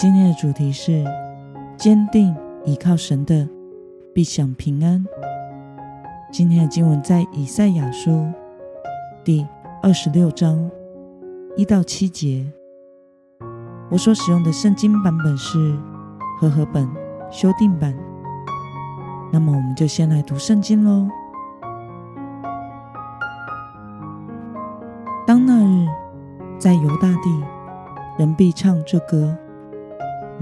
今天的主題是：堅定倚靠神的必享平安。今天的經文在以賽亞書第二十六章一到七節。我所使用的聖經版本是和合本修訂版。那麼，我們就先來讀聖經嘍。當那日，在猶大地，人必唱這歌。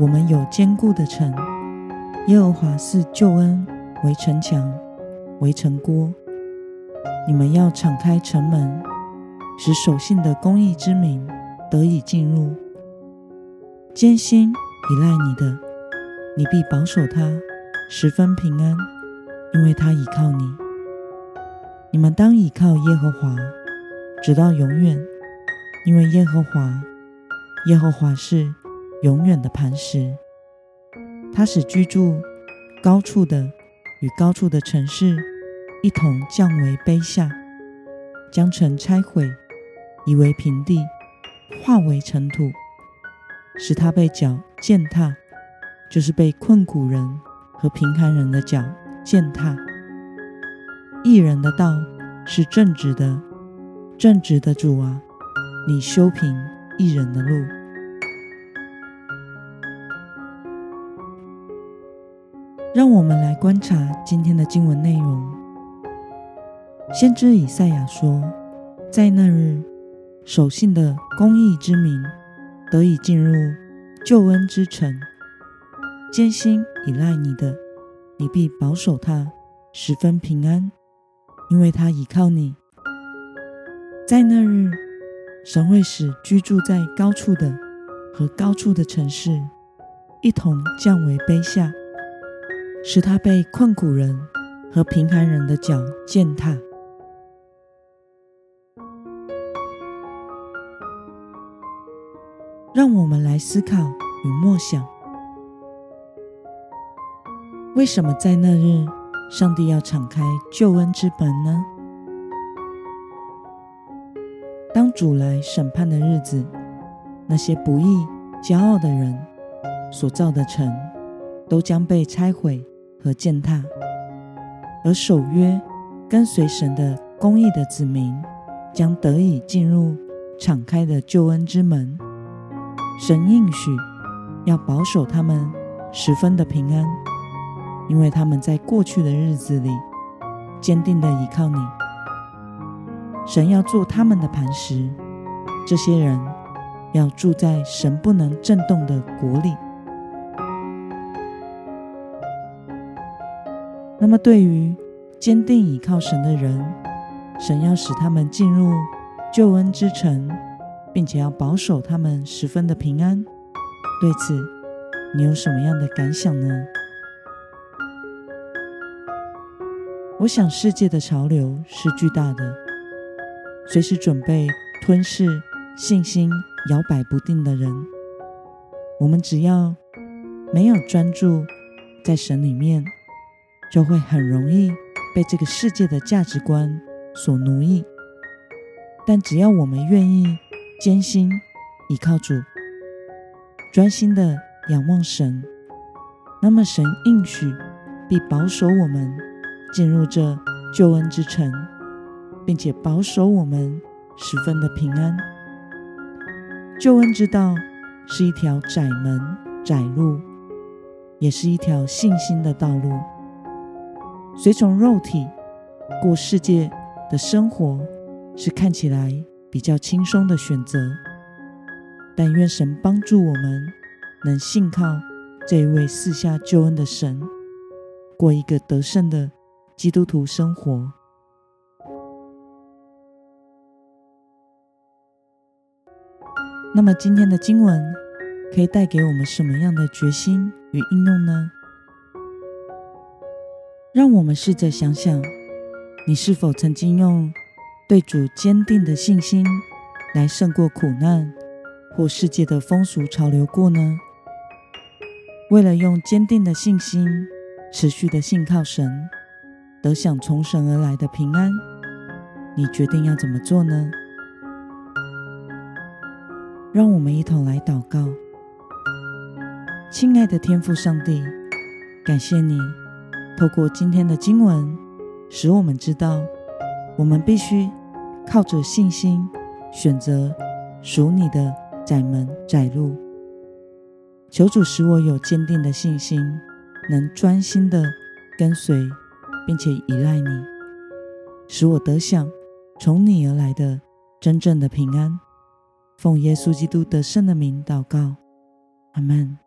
我們有堅固的城，耶和華是救恩，為城牆，為城郭。你們要敞開城門，使守信的公義之民得以進入。堅心倚賴你的，你必保守他，十分平安，因為他倚靠你。你們當倚靠耶和華，直到永遠，因為耶和華，耶和華是，永遠的磐石，它使居住高處的與高處的城市一同降為卑下，將城拆毀，夷為平地，化為塵土，使它被腳踐踏，就是被困苦人和貧寒人的腳踐踏。義人的道是正直的，正直的主啊，你修平義人的路。讓我們來觀察今天的經文內容。先知以賽亞說：“在那日，守信的公義之民得以進入救恩之城；堅心倚賴你的，你必保守他十分平安，因為他倚靠你。在那日，神會使居住在高處的和高處的城市一同降為卑下。”使他被困苦人和貧寒人的腳踐踏。讓我們來思考與默想：為什麼在那日，上帝要敞開救恩之門呢？當主來審判的日子，那些不義、驕傲的人所造的城，都將被拆毀和踐踏，而守約、跟隨神的公義的子民，將得以進入敞開的救恩之門。神應許要保守他們十分的平安，因為他們在過去的日子裡堅定的依靠你。神要做他們的磐石，這些人要住在神不能震動的國裡。那麼，對於堅定倚靠神的人，神要使他們進入救恩之城，並且要保守他們十分的平安。對此，你有什麼樣的感想呢？我想，世界的潮流是巨大的，隨時準備吞噬信心搖擺不定的人。我們只要沒有專注在神裡面。就會很容易被這個世界的價值觀所奴役，但只要我們願意堅心，倚靠主，專心的仰望神，那麼神應許必保守我們進入這救恩之城，並且保守我們十分的平安。救恩之道是一條窄門、窄路，也是一條信心的道路。隨從肉體過世界的生活是看起來比較輕鬆的選擇，但願神幫助我們能信靠這位賜下救恩的神，過一個得勝的基督徒生活。那麼今天的經文可以帶給我們什麼樣的決心與應用呢？讓我們試着想想，你是否曾經用對主堅定的信心來勝過苦難或世界的風俗潮流過呢？為了用堅定的信心持續的信靠神，得享從神而來的平安，你決定要怎麼做呢？讓我們一同來禱告。親愛的天父上帝，感謝你。透過今天的經文，使我們知道，我們必須靠着信心選擇屬你的窄門窄路。求主使我有堅定的信心，能專心的跟隨，並且依賴你，使我得享從你而來的真正的平安。奉耶穌基督得勝的名禱告，阿門。